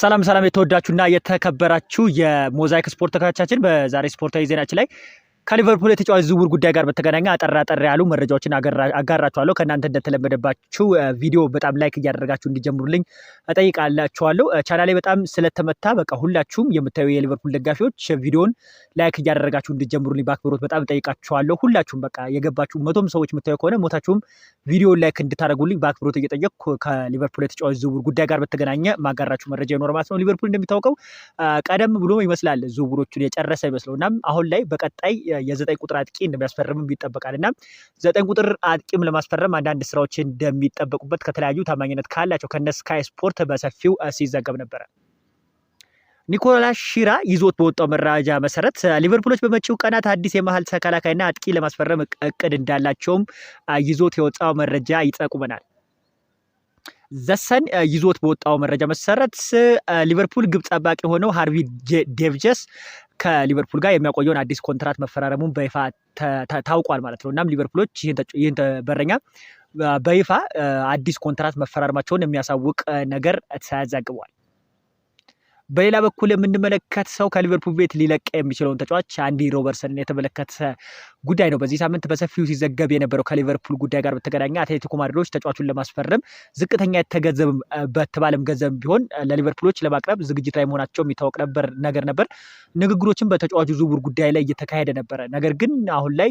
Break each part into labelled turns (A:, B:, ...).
A: ሰላም ሰላም የተወዳችሁና የተከበራችሁ የሞዛይክ ስፖርት ተከታታዮቻችን በዛሬ ስፖርታዊ ዜናችን ላይ ከሊቨርፑል የተጫዋች ዝውውር ጉዳይ ጋር በተገናኘ አጠር አጠር ያሉ መረጃዎችን አጋራችኋለሁ። ከእናንተ እንደተለመደባችሁ ቪዲዮ በጣም ላይክ እያደረጋችሁ እንዲጀምሩልኝ እጠይቃላችኋለሁ። ቻናሌ በጣም ስለተመታ በቃ ሁላችሁም የምታዩ የሊቨርፑል ደጋፊዎች ቪዲዮን ላይክ እያደረጋችሁ እንዲጀምሩልኝ በአክብሮት በጣም እጠይቃችኋለሁ። ሁላችሁም በቃ የገባችሁ መቶም ሰዎች የምታዩ ከሆነ ሞታችሁም ቪዲዮን ላይክ እንድታደርጉልኝ በአክብሮት እየጠየቅኩ ከሊቨርፑል የተጫዋች ዝውውር ጉዳይ ጋር በተገናኘ ማጋራችሁ መረጃ ይኖር ማለት ነው። ሊቨርፑል እንደሚታወቀው ቀደም ብሎ ይመስላል ዝውውሮቹን የጨረሰ ይመስለው እናም አሁን ላይ በቀጣይ የዘጠኝ ቁጥር አጥቂ እንደሚያስፈርምም ይጠበቃል እና ዘጠኝ ቁጥር አጥቂም ለማስፈረም አንዳንድ ስራዎች እንደሚጠበቁበት ከተለያዩ ታማኝነት ካላቸው ከነ ስካይ ስፖርት በሰፊው ሲዘገብ ነበረ። ኒኮላስ ሺራ ይዞት በወጣው መረጃ መሰረት ሊቨርፑሎች በመጪው ቀናት አዲስ የመሀል ተከላካይና አጥቂ ለማስፈረም እቅድ እንዳላቸውም ይዞት የወጣው መረጃ ይጠቁመናል። ዘሰን ይዞት በወጣው መረጃ መሰረት ሊቨርፑል ግብ ጠባቂ የሆነው ሃርቪ ዴቭጀስ ከሊቨርፑል ጋር የሚያቆየውን አዲስ ኮንትራት መፈራረሙን በይፋ ታውቋል ማለት ነው። እናም ሊቨርፑሎች ይህን በረኛ በይፋ አዲስ ኮንትራት መፈራረማቸውን የሚያሳውቅ ነገር ተዘግቧል። በሌላ በኩል የምንመለከት ሰው ከሊቨርፑል ቤት ሊለቅ የሚችለውን ተጫዋች አንዲ ሮበርሰንን የተመለከተ ጉዳይ ነው። በዚህ ሳምንት በሰፊው ሲዘገብ የነበረው ከሊቨርፑል ጉዳይ ጋር በተገናኘ አትሌቲኮ ማድሪዶች ተጫዋቹን ለማስፈረም ዝቅተኛ የተገንዘብ በተባለም ገንዘብ ቢሆን ለሊቨርፑሎች ለማቅረብ ዝግጅት ላይ መሆናቸው የሚታወቅ ነበር ነገር ነበር። ንግግሮችን በተጫዋቹ ዝውውር ጉዳይ ላይ እየተካሄደ ነበረ። ነገር ግን አሁን ላይ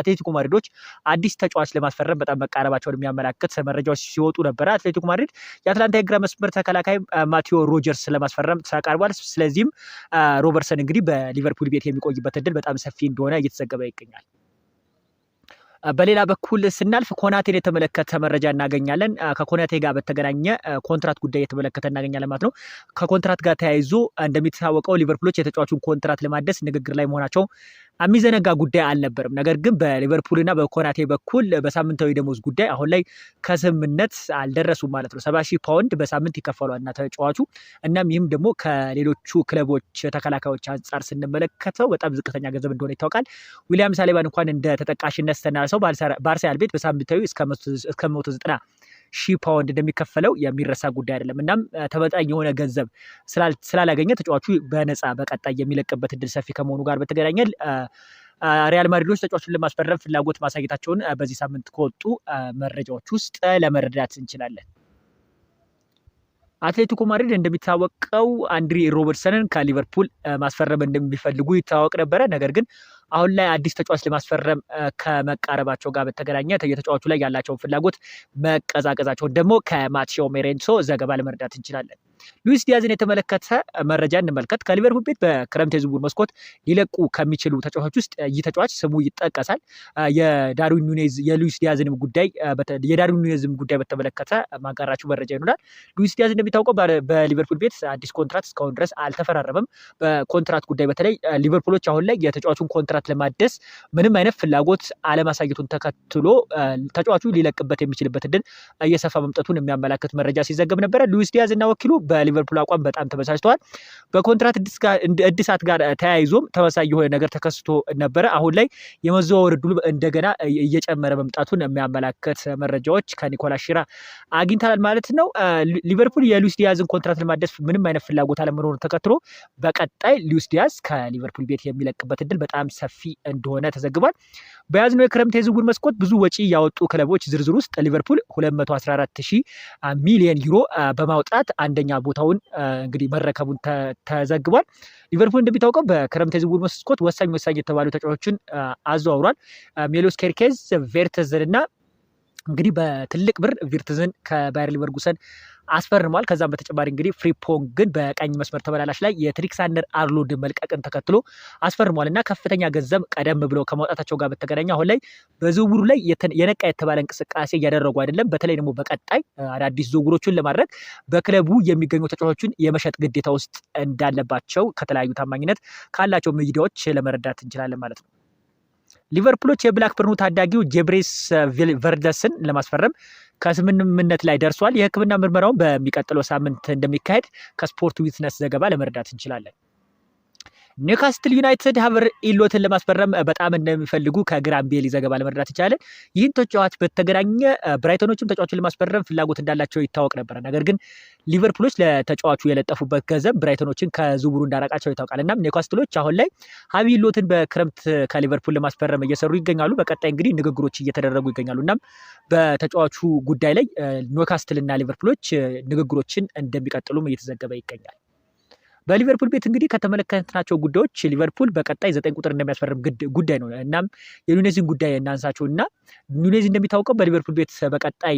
A: አትሌቲኮ ማድሪዶች አዲስ ተጫዋች ለማስፈረም በጣም መቃረባቸውን የሚያመላክት መረጃዎች ሲወጡ ነበረ። አትሌቲኮ ማድሪድ የአትላንታ የግራ መስመር ተከላካይ ማቴዎ ሮጀርስ ለማስፈረም ተቃርቧል። ስለዚህም ሮበርሰን እንግዲህ በሊቨርፑል ቤት የሚቆይበት እድል በጣም ሰፊ እንደሆነ እየተዘገበ ይገኛል። ይገኛል። በሌላ በኩል ስናልፍ ኮናቴን የተመለከተ መረጃ እናገኛለን። ከኮናቴ ጋር በተገናኘ ኮንትራት ጉዳይ የተመለከተ እናገኛለን ማለት ነው። ከኮንትራት ጋር ተያይዞ እንደሚታወቀው ሊቨርፑሎች የተጫዋቹን ኮንትራት ለማደስ ንግግር ላይ መሆናቸው የሚዘነጋ ጉዳይ አልነበርም። ነገር ግን በሊቨርፑልና በኮናቴ በኩል በሳምንታዊ ደሞዝ ጉዳይ አሁን ላይ ከስምምነት አልደረሱም ማለት ነው። ሰባ ሺህ ፓውንድ በሳምንት ይከፈሏል እና ተጫዋቹ እናም ይህም ደግሞ ከሌሎቹ ክለቦች ተከላካዮች አንጻር ስንመለከተው በጣም ዝቅተኛ ገንዘብ እንደሆነ ይታወቃል። ዊሊያም ሳሊባን እንኳን እንደ ተጠቃሽነት ስተናሰው ባርሰናል ቤት በሳምንታዊ እስከ መቶ ዘጠና ሺህ ፓውንድ እንደሚከፈለው የሚረሳ ጉዳይ አይደለም። እናም ተመጣኝ የሆነ ገንዘብ ስላላገኘ ተጫዋቹ በነፃ በቀጣይ የሚለቅበት እድል ሰፊ ከመሆኑ ጋር በተገናኘ ሪያል ማድሪዶች ተጫዋቹን ለማስፈረም ፍላጎት ማሳየታቸውን በዚህ ሳምንት ከወጡ መረጃዎች ውስጥ ለመረዳት እንችላለን። አትሌቲኮ ማድሪድ እንደሚታወቀው አንድሪ ሮበርትሰንን ከሊቨርፑል ማስፈረም እንደሚፈልጉ ይታወቅ ነበረ። ነገር ግን አሁን ላይ አዲስ ተጫዋች ለማስፈረም ከመቃረባቸው ጋር በተገናኘ የተጫዋቹ ላይ ያላቸውን ፍላጎት መቀዛቀዛቸውን ደግሞ ከማቴዎ ሜሬንሶ ዘገባ ለመረዳት እንችላለን። ሉዊስ ዲያዝን የተመለከተ መረጃ እንመልከት። ከሊቨርፑል ቤት በክረምት የዝውውር መስኮት ሊለቁ ከሚችሉ ተጫዋቾች ውስጥ ይህ ተጫዋች ስሙ ይጠቀሳል። የዳርዊን ኑኔዝ የሉዊስ ዲያዝንም ጉዳይ የዳርዊን ኑኔዝም ጉዳይ በተመለከተ ማጋራችሁ መረጃ ይኖራል። ሉዊስ ዲያዝ እንደሚታወቀው በሊቨርፑል ቤት አዲስ ኮንትራት እስካሁን ድረስ አልተፈራረመም። በኮንትራት ጉዳይ በተለይ ሊቨርፑሎች አሁን ላይ የተጫዋቹን ኮንትራት ለማደስ ምንም አይነት ፍላጎት አለማሳየቱን ተከትሎ ተጫዋቹ ሊለቅበት የሚችልበት እድል እየሰፋ መምጠቱን የሚያመላክት መረጃ ሲዘገብ ነበረ። ሉዊስ ዲያዝ እና ወኪሉ በሊቨርፑል አቋም በጣም ተበሳጭተዋል። በኮንትራት እድሳት ጋር ተያይዞም ተመሳሳይ የሆነ ነገር ተከስቶ ነበረ። አሁን ላይ የመዘዋወር እድሉ እንደገና እየጨመረ መምጣቱን የሚያመላክት መረጃዎች ከኒኮላስ ሽራ አግኝተናል ማለት ነው። ሊቨርፑል የሉዊስ ዲያዝን ኮንትራት ለማደስ ምንም አይነት ፍላጎት አለመኖሩ ተከትሎ በቀጣይ ሉዊስ ዲያዝ ከሊቨርፑል ቤት የሚለቅበት እድል በጣም ሰፊ እንደሆነ ተዘግቧል። በያዝነው የክረምት የዝውውር መስኮት ብዙ ወጪ ያወጡ ክለቦች ዝርዝር ውስጥ ሊቨርፑል 214 ሚሊዮን ዩሮ በማውጣት አንደኛ ሶስተኛ ቦታውን እንግዲህ መረከቡን ተዘግቧል። ሊቨርፑል እንደሚታወቀው በክረምት የዝውውር መስኮት ወሳኝ ወሳኝ የተባሉ ተጫዋቾችን አዘዋውሯል። ሜሎስ ኬርኬዝ፣ ቬርተዘን እና እንግዲህ በትልቅ ብር ቪርትዝን ከባየር ሊቨርጉሰን አስፈርሟል። ከዛም በተጨማሪ እንግዲህ ፍሪፖንግ ግን በቀኝ መስመር ተመላላሽ ላይ የትሪክሳንደር አርሎድ መልቀቅን ተከትሎ አስፈርሟል እና ከፍተኛ ገንዘብ ቀደም ብሎ ከማውጣታቸው ጋር በተገናኘ አሁን ላይ በዝውውሩ ላይ የነቃ የተባለ እንቅስቃሴ እያደረጉ አይደለም። በተለይ ደግሞ በቀጣይ አዳዲስ ዝውውሮችን ለማድረግ በክለቡ የሚገኙ ተጫዋቾችን የመሸጥ ግዴታ ውስጥ እንዳለባቸው ከተለያዩ ታማኝነት ካላቸው ሚዲያዎች ለመረዳት እንችላለን ማለት ነው። ሊቨርፑሎች የብላክበርኑ ታዳጊው ጄብሬስ ቨርደስን ለማስፈረም ከስምምነት ላይ ደርሷል። የሕክምና ምርመራውን በሚቀጥለው ሳምንት እንደሚካሄድ ከስፖርት ዊትነስ ዘገባ ለመረዳት እንችላለን። ኒውካስትል ዩናይትድ ሀቨር ኢሎትን ለማስፈረም በጣም እንደሚፈልጉ ቤሊ ዘገባ ለመረዳት ይቻላል። ይህን ተጫዋች በተገናኘ ብራይተኖችም ተጫዋቹን ለማስፈረም ፍላጎት እንዳላቸው ይታወቅ ነበረ። ነገር ግን ሊቨርፑሎች ለተጫዋቹ የለጠፉበት ገንዘብ ብራይተኖችን ከዝውውሩ እንዳራቃቸው ይታወቃል። እናም ኒውካስትሎች አሁን ላይ ሀቢ ኢሎትን በክረምት ከሊቨርፑል ለማስፈረም እየሰሩ ይገኛሉ። በቀጣይ እንግዲህ ንግግሮች እየተደረጉ ይገኛሉ። እናም በተጫዋቹ ጉዳይ ላይ ኒውካስትልና ሊቨርፑሎች ንግግሮችን እንደሚቀጥሉም እየተዘገበ ይገኛል። በሊቨርፑል ቤት እንግዲህ ከተመለከትናቸው ጉዳዮች ሊቨርፑል በቀጣይ ዘጠኝ ቁጥር እንደሚያስፈርም ጉዳይ ነው። እናም የኑኔዝን ጉዳይ እናንሳቸው እና ኑኔዝ እንደሚታወቀው በሊቨርፑል ቤት በቀጣይ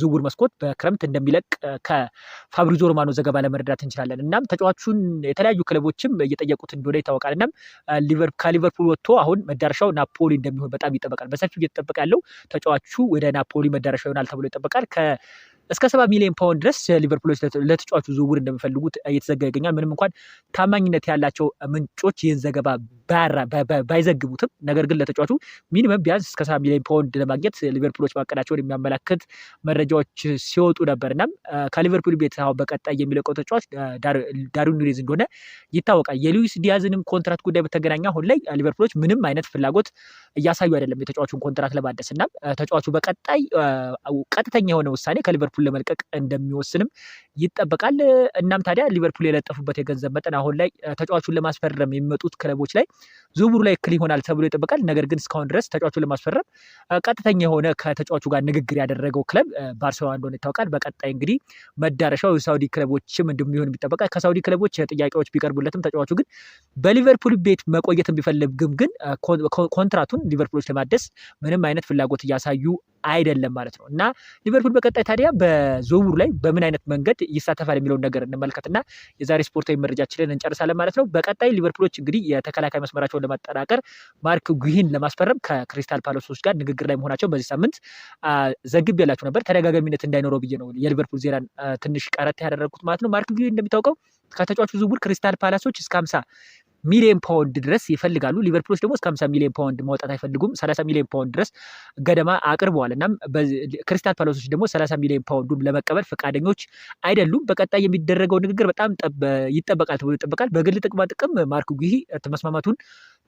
A: ዝውውር መስኮት በክረምት እንደሚለቅ ከፋብሪዞ ሮማኖ ዘገባ ለመረዳት እንችላለን። እናም ተጫዋቹን የተለያዩ ክለቦችም እየጠየቁት እንደሆነ ይታወቃል። እናም ከሊቨርፑል ወጥቶ አሁን መዳረሻው ናፖሊ እንደሚሆን በጣም ይጠበቃል። በሰፊው እየተጠበቀ ያለው ተጫዋቹ ወደ ናፖሊ መዳረሻ ይሆናል ተብሎ ይጠበቃል። እስከ ሰባ ሚሊዮን ፓውንድ ድረስ ሊቨርፑሎች ለተጫዋቹ ዝውውር እንደሚፈልጉት እየተዘገበ ይገኛል። ምንም እንኳን ታማኝነት ያላቸው ምንጮች ይህን ዘገባ ባይዘግቡትም ነገር ግን ለተጫዋቹ ሚኒመም ቢያንስ እስከ ሰባ ሚሊዮን ፓውንድ ለማግኘት ሊቨርፑሎች ማቀዳቸውን የሚያመላክት መረጃዎች ሲወጡ ነበር። እናም ከሊቨርፑል ቤት አሁን በቀጣይ የሚለቀው ተጫዋች ዳርዊን ኑኔዝ እንደሆነ ይታወቃል። የሉዊስ ዲያዝንም ኮንትራት ጉዳይ በተገናኘ አሁን ላይ ሊቨርፑሎች ምንም አይነት ፍላጎት እያሳዩ አይደለም የተጫዋቹን ኮንትራት ለማደስ። እናም ተጫዋቹ በቀጣይ ቀጥተኛ የሆነ ውሳኔ ከሊቨርፑል ለመልቀቅ እንደሚወስንም ይጠበቃል። እናም ታዲያ ሊቨርፑል የለጠፉበት የገንዘብ መጠን አሁን ላይ ተጫዋቹን ለማስፈረም የሚመጡት ክለቦች ላይ ዝውውሩ ላይ እክል ይሆናል ተብሎ ይጠበቃል። ነገር ግን እስካሁን ድረስ ተጫዋቹ ለማስፈረም ቀጥተኛ የሆነ ከተጫዋቹ ጋር ንግግር ያደረገው ክለብ ባርሴሎና እንደሆነ ይታወቃል። በቀጣይ እንግዲህ መዳረሻው የሳውዲ ክለቦችም እንደሚሆን ይጠበቃል። ከሳውዲ ክለቦች ጥያቄዎች ቢቀርቡለትም ተጫዋቹ ግን በሊቨርፑል ቤት መቆየት ቢፈልግም ግን ኮንትራቱን ሊቨርፑሎች ለማደስ ምንም አይነት ፍላጎት እያሳዩ አይደለም ማለት ነው። እና ሊቨርፑል በቀጣይ ታዲያ በዝውውሩ ላይ በምን አይነት መንገድ ይሳተፋል የሚለውን ነገር እንመልከትና የዛሬ ስፖርታዊ መረጃችንን እንጨርሳለን ማለት ነው። በቀጣይ ሊቨርፑሎች እንግዲህ የተከላካይ መስመራቸውን ለማጠናቀር ማርክ ጉሂን ለማስፈረም ከክሪስታል ፓላሶች ጋር ንግግር ላይ መሆናቸው በዚህ ሳምንት ዘግብ ያላችሁ ነበር። ተደጋጋሚነት እንዳይኖረው ብዬ ነው የሊቨርፑል ዜናን ትንሽ ቀረት ያደረግኩት ማለት ነው። ማርክ ጉሂን እንደሚታወቀው ከተጫዋቹ ዝውውር ክሪስታል ፓላሶች እስከ 50 ሚሊዮን ፓውንድ ድረስ ይፈልጋሉ። ሊቨርፑሎች ደግሞ እስከ 50 ሚሊዮን ፓውንድ ማውጣት አይፈልጉም። 30 ሚሊዮን ፓውንድ ድረስ ገደማ አቅርበዋል። እናም ክሪስታል ፓላሶች ደግሞ 30 ሚሊዮን ፓውንዱን ለመቀበል ፈቃደኞች አይደሉም። በቀጣይ የሚደረገው ንግግር በጣም ይጠበቃል ተብሎ ይጠበቃል። በግል ጥቅማ ጥቅም ማርክ ጉሂ መስማማቱን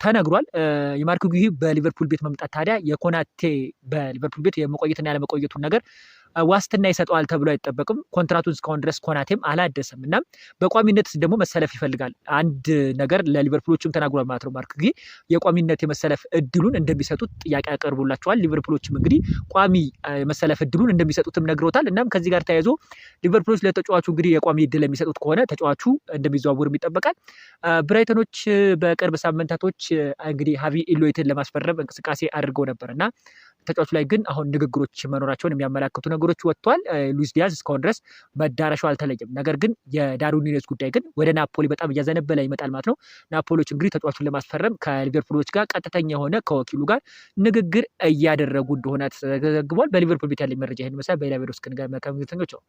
A: ተነግሯል። የማርክ ጉሂ በሊቨርፑል ቤት መምጣት ታዲያ የኮናቴ በሊቨርፑል ቤት የመቆየትና ያለመቆየቱን ነገር ዋስትና ይሰጠዋል ተብሎ አይጠበቅም። ኮንትራቱን እስካሁን ድረስ ኮናቴም አላደሰም እና በቋሚነት ደግሞ መሰለፍ ይፈልጋል። አንድ ነገር ለሊቨርፑሎችም ተናግሯል ማለት ነው። ማርክ ጊ የቋሚነት የመሰለፍ እድሉን እንደሚሰጡት ጥያቄ ያቀርቡላቸዋል። ሊቨርፑሎችም እንግዲህ ቋሚ የመሰለፍ እድሉን እንደሚሰጡትም ነግሮታል። እናም ከዚህ ጋር ተያይዞ ሊቨርፑሎች ለተጫዋቹ እንግዲህ የቋሚ እድል የሚሰጡት ከሆነ ተጫዋቹ እንደሚዘዋውርም ይጠበቃል። ብራይተኖች በቅርብ ሳምንታቶች እንግዲህ ሀቪ ኢሎይትን ለማስፈረም እንቅስቃሴ አድርገው ነበር እና ተጫዋቹ ላይ ግን አሁን ንግግሮች መኖራቸውን የሚያመላክቱ ነገሮች ነገሮች ወጥቷል። ሉዊስ ዲያዝ እስካሁን ድረስ መዳረሻው አልተለየም። ነገር ግን የዳሩ ኒኔዝ ጉዳይ ግን ወደ ናፖሊ በጣም እያዘነበለ ይመጣል ማለት ነው። ናፖሊዎች እንግዲህ ተጫዋቹን ለማስፈረም ከሊቨርፑሎች ጋር ቀጥተኛ የሆነ ከወኪሉ ጋር ንግግር እያደረጉ እንደሆነ ተዘግቧል። በሊቨርፑል ቤት ያለኝ መረጃ ይህን መሳይ በሌላ ቪዲዮ እስክንገናኝ መልካም ጊዜ ተመኘሁ።